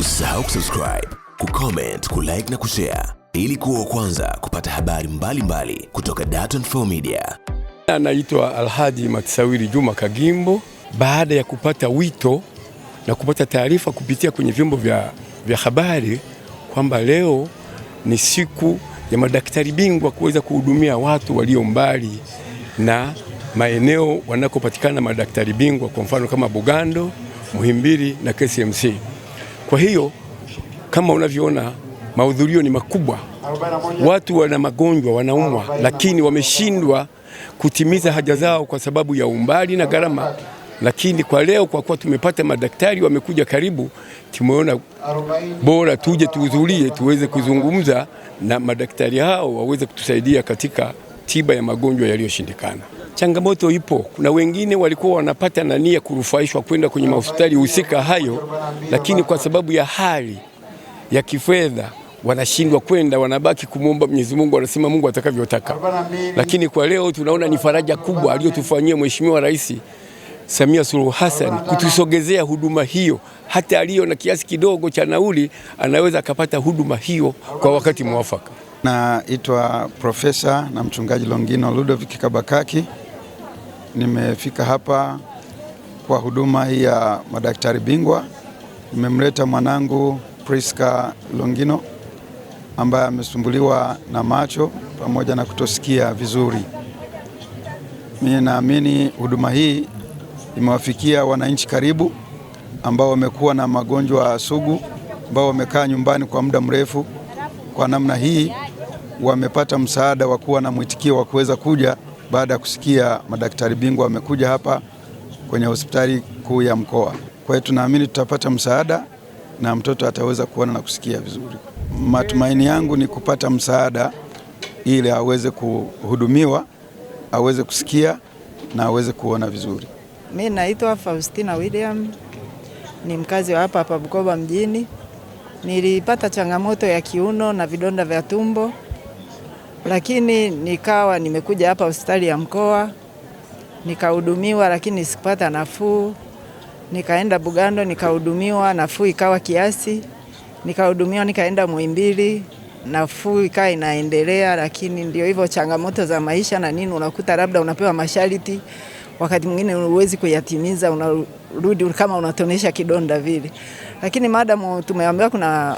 Usisahau kusubscribe, kucomment, kulike na kushare ili kuwa kwanza kupata habari mbalimbali mbali kutoka Dar24 Media. Anaitwa Alhaji Matisawiri Juma Kagimbo baada ya kupata wito na kupata taarifa kupitia kwenye vyombo vya, vya habari kwamba leo ni siku ya madaktari bingwa kuweza kuhudumia watu walio mbali na maeneo wanakopatikana madaktari bingwa, kwa mfano kama Bugando, Muhimbili na KCMC. Kwa hiyo kama unavyoona mahudhurio ni makubwa, watu wana magonjwa, wanaumwa, lakini wameshindwa kutimiza haja zao kwa sababu ya umbali na gharama. Lakini kwa leo, kwa kuwa tumepata madaktari wamekuja karibu, tumeona bora tuje tuhudhurie, tuweze kuzungumza na madaktari hao waweze kutusaidia katika tiba ya magonjwa yaliyoshindikana changamoto ipo. Kuna wengine walikuwa wanapata nani ya kurufaishwa kwenda kwenye mahospitali husika hayo, lakini kwa sababu ya hali ya kifedha wanashindwa kwenda, wanabaki kumwomba Mwenyezi Mungu, wanasema Mungu atakavyotaka. Lakini kwa leo tunaona ni faraja kubwa aliyotufanyia Mheshimiwa Rais Samia Suluhu Hassan kutusogezea huduma hiyo. Hata aliyo na kiasi kidogo cha nauli anaweza akapata huduma hiyo kwa wakati mwafaka. Naitwa Profesa na mchungaji Longino Ludovic Kabakaki nimefika hapa kwa huduma hii ya madaktari bingwa. Nimemleta mwanangu Priska Longino ambaye amesumbuliwa na macho pamoja na kutosikia vizuri. Mimi naamini huduma hii imewafikia wananchi karibu ambao wamekuwa na magonjwa sugu, ambao wamekaa nyumbani kwa muda mrefu. Kwa namna hii wamepata msaada wa kuwa na mwitikio wa kuweza kuja baada ya kusikia madaktari bingwa wamekuja hapa kwenye hospitali kuu ya mkoa. Kwa hiyo tunaamini tutapata msaada na mtoto ataweza kuona na kusikia vizuri. Matumaini yangu ni kupata msaada ili aweze kuhudumiwa, aweze kusikia na aweze kuona vizuri. Mi naitwa Faustina William, ni mkazi wa hapa hapa Bukoba mjini. Nilipata changamoto ya kiuno na vidonda vya tumbo lakini nikawa nimekuja hapa hospitali ya mkoa nikahudumiwa, lakini sikupata nafuu. Nikaenda Bugando nikahudumiwa, nafuu ikawa kiasi, nikahudumiwa, nikaenda Muhimbili, nafuu ikawa inaendelea. Lakini ndio hivyo, changamoto za maisha na nini, unakuta labda unapewa masharti, wakati mwingine huwezi kuyatimiza, unarudi kama unatonesha kidonda vile. Lakini madamu tumeambiwa kuna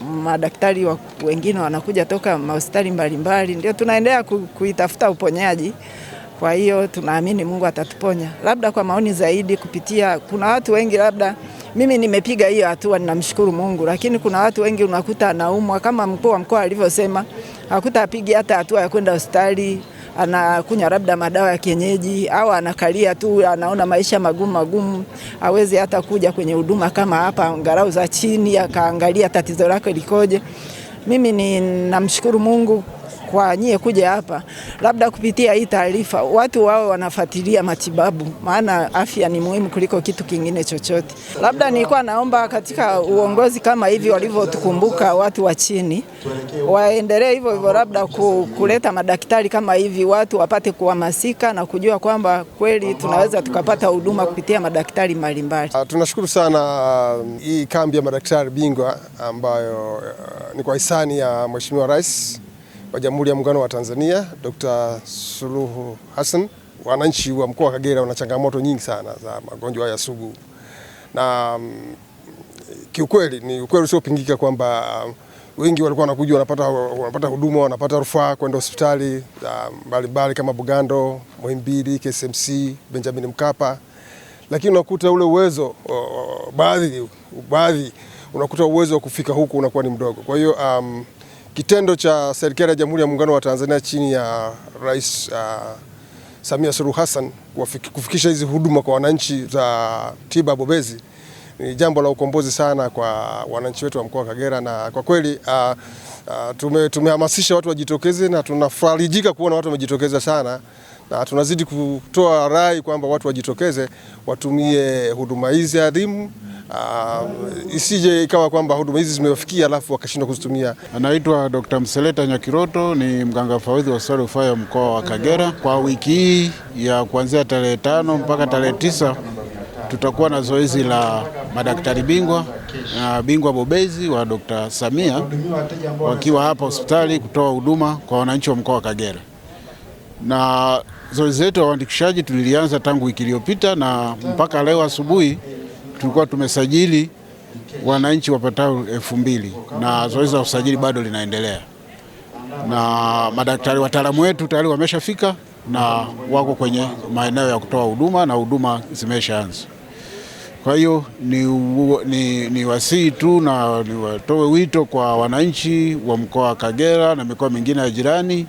madaktari wengine wanakuja toka mahospitali mbalimbali, ndio tunaendelea kuitafuta uponyaji. Kwa hiyo tunaamini Mungu atatuponya, labda kwa maoni zaidi kupitia, kuna watu wengi labda mimi nimepiga hiyo hatua, ninamshukuru Mungu, lakini kuna watu wengi unakuta anaumwa kama mkuu wa mkoa alivyosema, apigi hata hatua ya kwenda hospitali anakunywa labda madawa ya kienyeji au anakalia tu, anaona maisha magumu magumu, awezi hata kuja kwenye huduma kama hapa Ngarau za chini akaangalia tatizo lake likoje. Mimi ninamshukuru Mungu kwa nyie kuja hapa, labda kupitia hii taarifa watu wao wanafuatilia matibabu, maana afya ni muhimu kuliko kitu kingine chochote. Labda nilikuwa naomba katika uongozi kama hivi walivyotukumbuka watu wa chini, waendelee hivyo hivyo, labda kuleta madaktari kama hivi, watu wapate kuhamasika na kujua kwamba kweli tunaweza tukapata huduma kupitia madaktari mbalimbali. Ah, tunashukuru sana ah, hii kambi ya madaktari bingwa ambayo ah, ni kwa hisani ya Mheshimiwa Rais wa Jamhuri ya Muungano wa Tanzania Dr. Suluhu Hassan, wananchi wa mkoa wa Kagera wana changamoto nyingi sana za magonjwa ya sugu na um, kiukweli ni ukweli usiopingika kwamba um, wengi walikuwa wanakuja wanapata, wanapata huduma wanapata rufaa kwenda hospitali mbalimbali um, kama Bugando, Muhimbili, KCMC, Benjamin Mkapa, lakini unakuta ule uwezo baadhi baadhi unakuta uwezo wa kufika huku unakuwa ni mdogo, kwa hiyo um, Kitendo cha serikali ya Jamhuri ya Muungano wa Tanzania chini ya Rais uh, Samia Suluhu Hassan kufikisha hizi huduma kwa wananchi za tiba bobezi ni jambo la ukombozi sana kwa wananchi wetu wa mkoa wa Kagera, na kwa kweli uh, uh, tumehamasisha watu wajitokeze na tunafarijika kuona watu wamejitokeza sana na tunazidi kutoa rai kwamba watu wajitokeze watumie huduma hizi adhimu. Uh, isije ikawa kwamba huduma hizi zimewafikia alafu wakashindwa kuzitumia. Anaitwa Dr. Mseleta Nyakiroto, ni mganga mfawidhi wa hospitali rufaa ya mkoa wa Kagera. Kwa wiki hii ya kuanzia tarehe tano mpaka tarehe tisa tutakuwa na zoezi la madaktari bingwa na bingwa bobezi wa Dr. Samia wakiwa hapa hospitali kutoa huduma kwa wananchi wa mkoa wa Kagera na zoezi letu la uandikishaji tulilianza tangu wiki iliyopita na mpaka leo asubuhi tulikuwa tumesajili wananchi wapatao elfu mbili na zoezi la usajili bado linaendelea, na madaktari wataalamu wetu tayari wameshafika na wako kwenye maeneo ya kutoa huduma na huduma zimeshaanza. Kwa hiyo ni, ni, ni wasii tu na niwatoe wito kwa wananchi wa mkoa wa Kagera na mikoa mingine ya jirani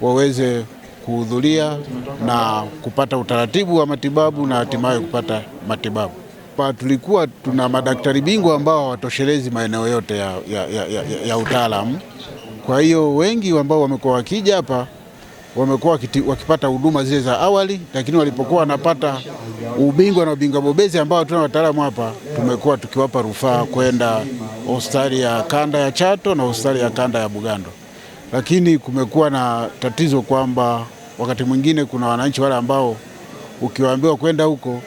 waweze kuhudhuria na kupata utaratibu wa matibabu na hatimaye kupata matibabu. Pa tulikuwa tuna madaktari bingwa ambao hawatoshelezi maeneo yote ya, ya, ya, ya, ya utaalamu. Kwa hiyo wengi ambao wamekuwa wakija hapa wamekuwa wakipata huduma zile za awali, lakini walipokuwa wanapata ubingwa na ubingwa bobezi ambao hatuna wataalamu hapa, tumekuwa tukiwapa rufaa kwenda hospitali ya kanda ya Chato na hospitali ya kanda ya Bugando lakini kumekuwa na tatizo kwamba wakati mwingine kuna wananchi wale ambao ukiwaambiwa kwenda huko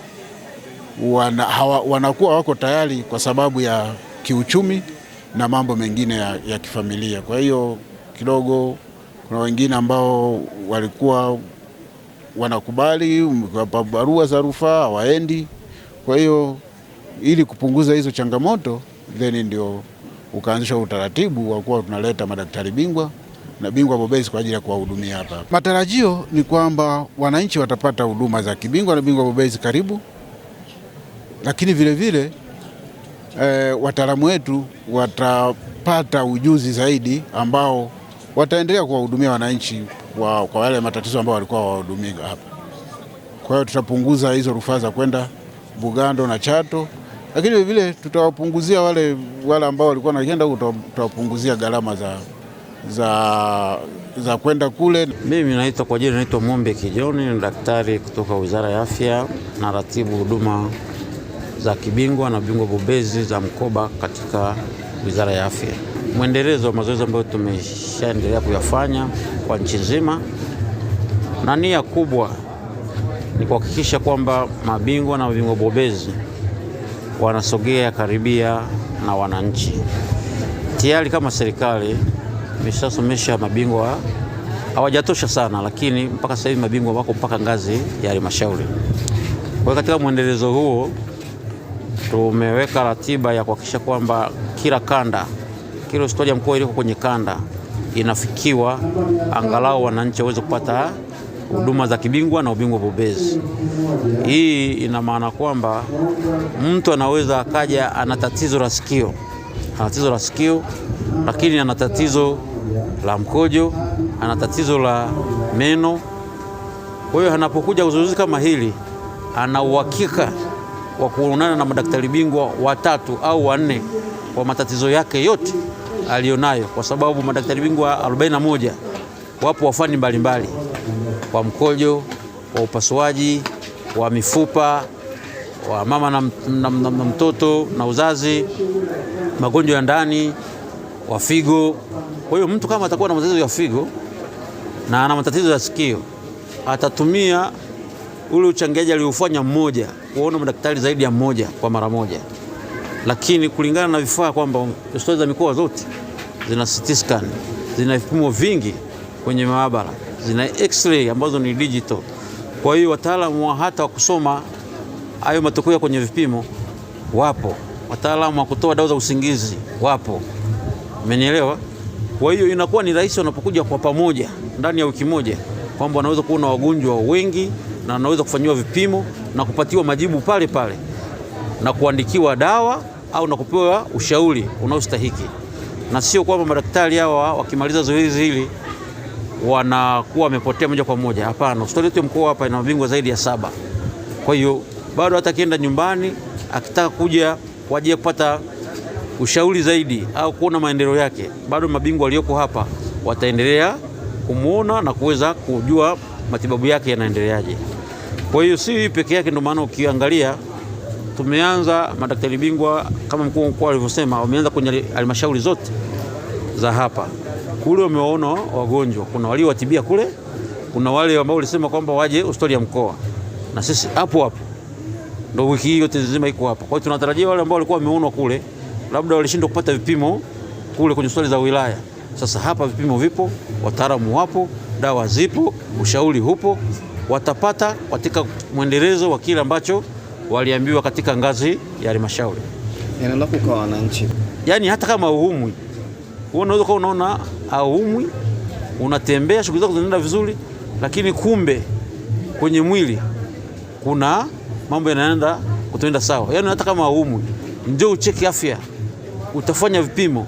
wana, hawa, wanakuwa wako tayari kwa sababu ya kiuchumi na mambo mengine ya, ya kifamilia. Kwa hiyo kidogo kuna wengine ambao walikuwa wanakubali mkiwapa barua za rufaa waendi. Kwa hiyo ili kupunguza hizo changamoto, then ndio ukaanzisha utaratibu wa kuwa tunaleta madaktari bingwa na bingwa bobezi kwa ajili ya kuwahudumia hapa. Matarajio ni kwamba wananchi watapata huduma za kibingwa na bingwa bobezi karibu, lakini vilevile vile, e, wataalamu wetu watapata ujuzi zaidi ambao wataendelea kuwahudumia wananchi kwa, kwa yale matatizo ambayo walikuwa wahudumia hapa. Kwa hiyo tutapunguza hizo rufaa za kwenda Bugando na Chato, lakini vilevile tutawapunguzia wale, wale ambao walikuwa wanaenda, tutawapunguzia gharama za za, za kwenda kule. Mimi naitwa kwa jina naitwa Mombe Kijoni, ni daktari kutoka Wizara ya Afya na ratibu huduma za kibingwa na bingwa bobezi za mkoba katika Wizara ya Afya. Mwendelezo wa mazoezi ambayo tumeshaendelea kuyafanya kwa nchi nzima, na nia kubwa ni kuhakikisha kwamba mabingwa na mabingwa bobezi wanasogea karibia na wananchi. Tayari kama serikali imeshasomesha mabingwa, hawajatosha sana, lakini mpaka sasa hivi mabingwa wako mpaka ngazi ya halmashauri. Kwa hiyo katika mwendelezo huo tumeweka ratiba ya kuhakikisha kwamba kila kanda, kila hospitali ya mkoa iliko kwenye kanda inafikiwa, angalau wananchi waweze kupata huduma za kibingwa na ubingwa bobezi. Hii ina maana kwamba mtu anaweza akaja ana tatizo la sikio, ana tatizo la sikio lakini ana tatizo la mkojo, ana tatizo la meno. Kwa hiyo anapokuja uzuzi kama hili, ana uhakika wa kuonana na madaktari bingwa watatu au wanne kwa matatizo yake yote aliyonayo, kwa sababu madaktari bingwa 41 wapo wafani mbalimbali, wa mkojo, wa upasuaji, wa mifupa, wa mama na, na, na, na mtoto na uzazi, magonjwa ya ndani wa figo. Kwa hiyo mtu kama atakuwa na matatizo ya figo na ana matatizo ya sikio, atatumia ule uchangiaji aliofanya mmoja, kuona madaktari zaidi ya mmoja kwa mara moja, lakini kulingana na vifaa kwamba hospitali za mikoa zote zina CT scan, zina vipimo vingi kwenye maabara, zina x-ray ambazo ni digital. Kwa hiyo wataalamu wa hata wa kusoma hayo matokeo kwenye vipimo wapo, wataalamu wa kutoa dawa za usingizi wapo. Umenielewa? Kwa hiyo inakuwa ni rahisi wanapokuja kwa pamoja ndani ya wiki moja kwamba wanaweza kuona wagonjwa wengi na wanaweza kufanyiwa vipimo na kupatiwa majibu pale pale na kuandikiwa dawa au na kupewa ushauri unaostahiki, na sio kwamba madaktari hawa wakimaliza zoezi hili wanakuwa wamepotea moja kwa moja. Hapana, hospitali yetu mkoa hapa ina mabingwa zaidi ya saba. Kwa hiyo bado hata akienda nyumbani akitaka kuja kwa ajili ya kupata ushauri zaidi au kuona maendeleo yake, bado mabingwa walioko hapa wataendelea kumwona na kuweza kujua matibabu yake yanaendeleaje. Kwa hiyo si hii peke yake, ndio maana ukiangalia tumeanza madaktari bingwa kama mkuu wa mkoa alivyosema, wameanza kwenye halmashauri zote za hapa. Kule wamewaona wagonjwa, kuna waliowatibia kule, kuna wale ambao walisema kwamba waje hospitali ya mkoa, na sisi hapo hapo ndo wiki hii yote nzima iko hapa. Kwa hiyo tunatarajia wale ambao walikuwa wameonwa kule labda walishindwa kupata vipimo kule kwenye hospitali za wilaya. Sasa hapa vipimo vipo, wataalamu wapo, dawa zipo, ushauri hupo, watapata katika mwendelezo wa kile ambacho waliambiwa katika ngazi ya halmashauri. kwa wananchi, yaani hata kama uumwi, unaweza kuwa unaona auumwi, unatembea, shughuli zako zinaenda vizuri, lakini kumbe kwenye mwili kuna mambo yanaenda kutoenda sawa. Yaani hata kama auumwi, njoo ucheki afya utafanya vipimo,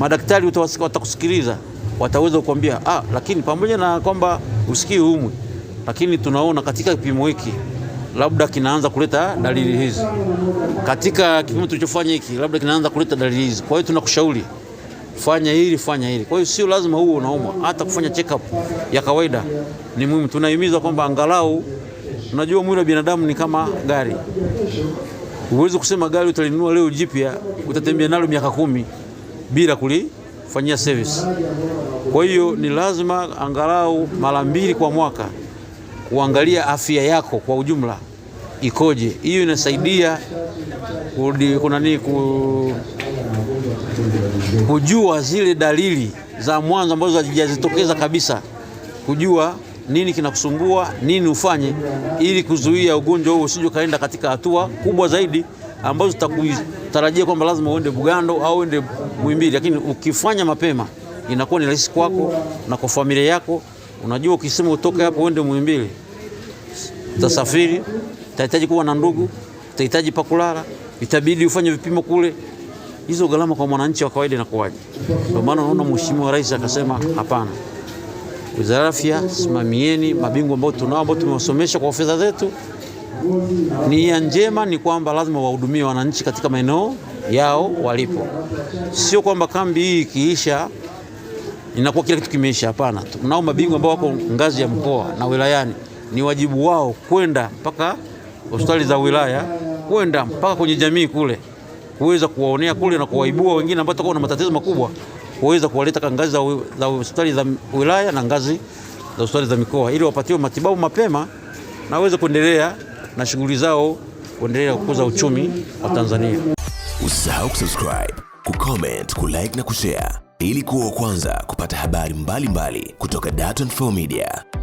madaktari watakusikiliza, wataweza kukwambia ah, lakini pamoja na kwamba usikii umwi, lakini tunaona katika kipimo hiki labda kinaanza kuleta dalili hizi, katika kipimo tulichofanya hiki labda kinaanza kuleta dalili hizi, kwa hiyo tunakushauri fanya hili fanya hili. Kwa hiyo sio lazima huo unaumwa, hata kufanya check up ya kawaida ni muhimu. Tunahimiza kwamba angalau, unajua mwili wa binadamu ni kama gari. Huwezi kusema gari utalinunua leo jipya utatembea nalo miaka kumi bila kulifanyia service. Kwa hiyo ni lazima angalau mara mbili kwa mwaka kuangalia afya yako kwa ujumla ikoje. Hiyo inasaidia kunani ku, kujua zile dalili za mwanzo ambazo hazijazitokeza kabisa, kujua nini kinakusumbua, nini ufanye ili kuzuia ugonjwa huo usije kaenda katika hatua kubwa zaidi ambazo tutakutarajia kwamba lazima uende Bugando au uende Muhimbili. Lakini ukifanya mapema, inakuwa ni rahisi kwako na kwa familia yako. Unajua, ukisema utoke hapo uende Muhimbili, utasafiri, utahitaji kuwa na ndugu, utahitaji pa kulala, itabidi ufanye vipimo kule hizo gharama kwa mwananchi wa kawaida inakuwaje? Ndio maana unaona mheshimiwa rais akasema hapana. Wizara ya Afya, simamieni mabingwa ambao tunao ambao tumewasomesha kwa fedha zetu. Nia njema ni kwamba lazima wahudumie wananchi katika maeneo yao walipo, sio kwamba kambi hii ikiisha inakuwa kila kitu kimeisha. Hapana, tunao mabingwa ambao wako ngazi ya mkoa na wilayani. Ni wajibu wao kwenda mpaka hospitali za wilaya, kwenda mpaka kwenye jamii kule, kuweza kuwaonea kule na kuwaibua wengine ambao watakuwa na matatizo makubwa kuweza kuwaleta ngazi za hospitali za wilaya na ngazi za hospitali za mikoa ili wapatiwe matibabu mapema na waweze kuendelea na shughuli zao, kuendelea kukuza uchumi wa Tanzania. Usisahau kusubscribe, kucomment, kulike na kushare ili kuwa wa kwanza kupata habari mbalimbali mbali kutoka Dar24 Media.